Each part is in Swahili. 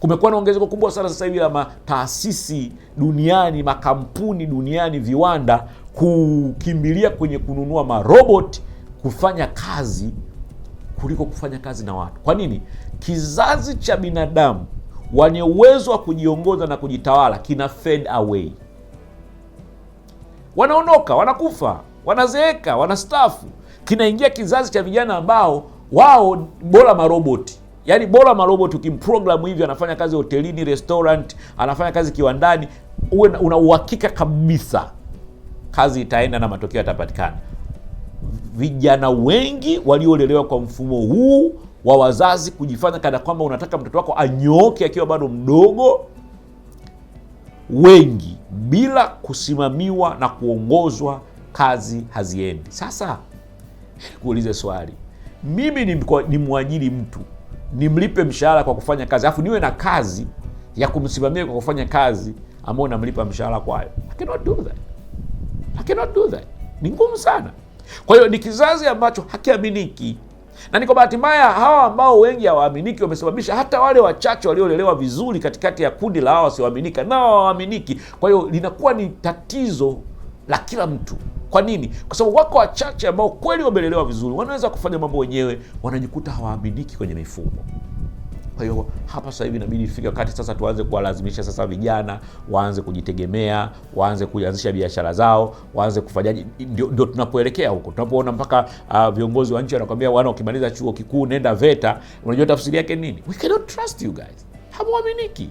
kumekuwa na ongezeko kubwa sana sasa hivi la mataasisi duniani, makampuni duniani, viwanda kukimbilia kwenye kununua marobot kufanya kazi kuliko kufanya kazi na watu. Kwa nini? Kizazi cha binadamu wenye uwezo wa kujiongoza na kujitawala kina fade away, wanaondoka, wanakufa, wanazeeka, wanastafu Kinaingia kizazi cha vijana ambao wao bora maroboti Yaani bora marobot ukimprogramu hivyo, anafanya kazi hotelini, restaurant, anafanya kazi kiwandani, uwe una uhakika kabisa kazi itaenda na matokeo yatapatikana. Vijana wengi waliolelewa kwa mfumo huu wa wazazi kujifanya kana kwamba unataka mtoto wako anyooke akiwa bado mdogo, wengi bila kusimamiwa na kuongozwa, kazi haziendi. Sasa kuulize swali, mimi ni, ni mwajiri mtu nimlipe mshahara kwa kufanya kazi, alafu niwe na kazi ya kumsimamia kwa kufanya kazi ambayo namlipa mshahara kwayo. I cannot do that. I cannot do that. Ni ngumu sana. Kwa hiyo ni kizazi ambacho hakiaminiki, na ni kwa bahati mbaya hawa ambao wengi hawaaminiki wamesababisha hata wale wachache waliolelewa vizuri katikati ya kundi la hawa wasioaminika nao hawaaminiki. Kwa hiyo linakuwa ni tatizo la kila mtu. Kwa nini? Kwa sababu wako wachache ambao kweli wamelelewa vizuri, wanaweza kufanya mambo wenyewe, wanajikuta hawaaminiki kwenye mifumo. Kwa hiyo hapa sasa hivi inabidi ifike wakati sasa tuanze kuwalazimisha sasa vijana waanze kujitegemea, waanze kuanzisha biashara zao, waanze kufanyaje. Ndio tunapoelekea huko, tunapoona mpaka uh, viongozi wa nchi wanakwambia wana, ukimaliza chuo kikuu nenda VETA. Unajua tafsiri yake nini? We cannot trust you guys, hamwaminiki.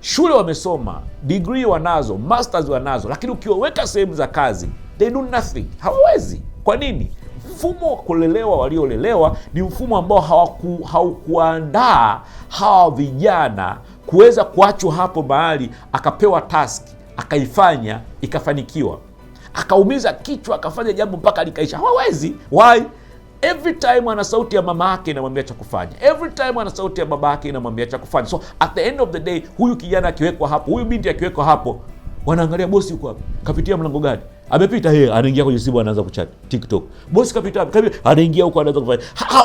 Shule wamesoma, degree wanazo, masters wanazo, lakini ukiwaweka sehemu za kazi they do nothing, hawawezi. Kwa nini? Mfumo wa kulelewa waliolelewa ni mfumo ambao hawaku, haukuandaa hawa vijana kuweza kuachwa hapo mahali, akapewa taski akaifanya ikafanikiwa, akaumiza kichwa akafanya jambo mpaka likaisha. Hawawezi. Why? Every time ana sauti ya mama yake inamwambia cha kufanya, every time ana sauti ya baba yake inamwambia cha kufanya. So at the end of the day, huyu kijana akiwekwa hapo, huyu binti akiwekwa hapo wanaangalia bosi yuko wapi, kapitia mlango gani, amepita yeye, anaingia kwenye simu, anaanza kuchat TikTok. Bosi kapita wapi, anaingia huko, anaanza kufanya.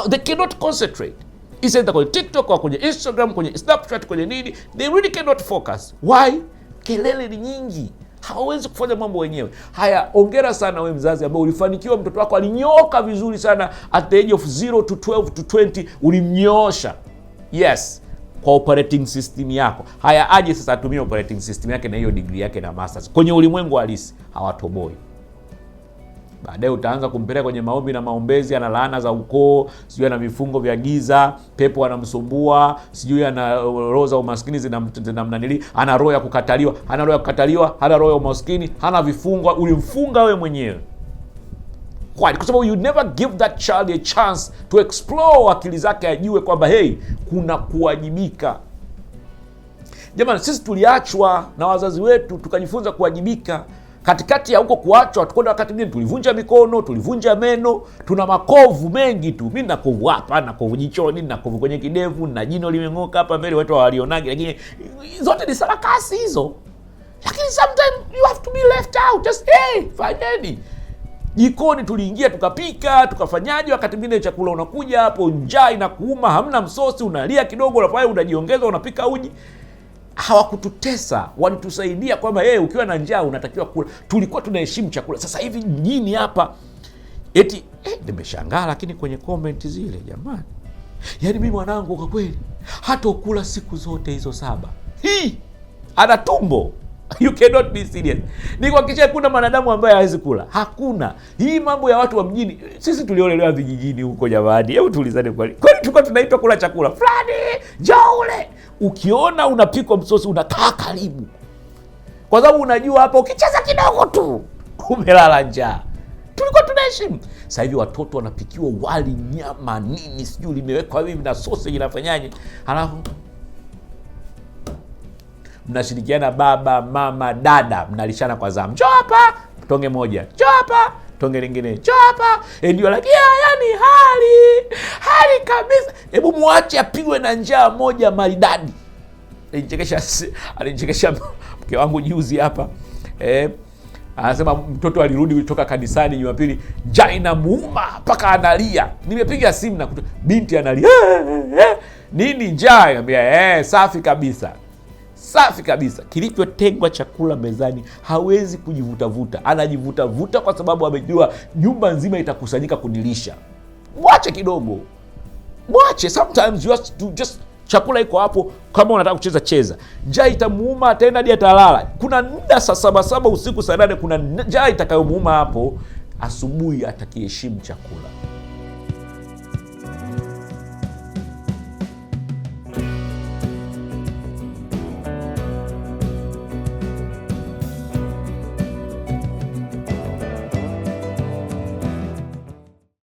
They cannot concentrate isa kwenye TikTok au kwenye Instagram, kwenye Snapchat, kwenye nini, they really cannot focus. Why? Kelele ni nyingi, hawawezi kufanya mambo wenyewe. Haya, ongera sana we mzazi ambaye ulifanikiwa, mtoto wako alinyoka vizuri sana at the age of 0 to 12 to 20, ulimnyoosha. Yes, kwa operating system yako. Haya, aje sasa atumie operating system yake na hiyo degree yake na masters kwenye ulimwengu halisi, hawatoboi. Baadaye utaanza kumpeleka kwenye maombi na maombezi, ana laana za ukoo, sijui ana vifungo vya giza, pepo anamsumbua, sijui ana uh, roho za umaskini zinamnanili, ana roho ya kukataliwa, ana roho ya kukataliwa, hana roho ya umaskini, hana vifungo, ulimfunga wewe mwenyewe kwani, kwa sababu you never give that child a chance to explore akili zake, ajue kwamba hey kuna kuwajibika. Jamani, sisi tuliachwa na wazazi wetu tukajifunza kuwajibika. Katikati ya huko kuachwa, tukwenda wakati mwingine tulivunja mikono, tulivunja meno, tuna makovu mengi tu. Mi na kovu hapa, na kovu jichoni, na kovu kwenye kidevu, na jino limeng'oka hapa mbele, watu hawalionagi, lakini zote ni sarakasi hizo. Lakini sometimes you have to be left out, just hey, fanyeni jikoni tuliingia tukapika tukafanyaje. Wakati mwingine chakula unakuja hapo, njaa inakuuma, hamna msosi, unalia kidogo, unafanya unajiongeza, unapika uji. Hawakututesa, walitusaidia kwamba yeye, eh, ukiwa na njaa unatakiwa kula. Tulikuwa tunaheshimu chakula. Sasa hivi mjini hapa eti eh, nimeshangaa. Lakini kwenye komenti zile, jamani, yaani mii mwanangu kwa kweli hata ukula siku zote hizo saba, hii ana tumbo You cannot be serious. Ni kuhakikisha kuna mwanadamu ambaye hawezi kula. Hakuna. Hii mambo ya watu wa mjini, sisi tuliolelewa vijijini huko jamani. Hebu tuulizane kweli. Kwani tulikuwa tunaitwa kula chakula fulani? Njoo ule. Ukiona unapikwa msosi unakaa karibu. Kwa sababu unajua hapa ukicheza kidogo tu umelala njaa. Tulikuwa tunaheshimu. Sasa hivi watoto wanapikiwa wali, nyama, nini sijui limewekwa hivi na sose inafanyaje. Halafu mnashirikiana baba, mama, dada, mnalishana kwa zamu, njoo hapa, tonge moja, njoo hapa tonge lingine cho hapa e, ndio lakini yeah, yani hali hali kabisa. Hebu muache apigwe na njaa moja maridadi. Alinichekesha, alinichekesha mke wangu juzi hapa eh, anasema mtoto alirudi kutoka kanisani Jumapili, njaa inamuuma mpaka analia. Nimepiga simu na binti analia nini njaa? Niambia eh, safi kabisa safi kabisa, kilichotengwa chakula mezani, hawezi kujivutavuta. Anajivutavuta kwa sababu amejua nyumba nzima itakusanyika kunilisha. Mwache kidogo, mwache. Sometimes you have to just chakula iko hapo, kama unataka kucheza cheza. Njaa itamuuma, tena hadi atalala. Kuna muda saa saba saba usiku, saa nane, kuna njaa itakayomuuma hapo. Asubuhi atakiheshimu chakula.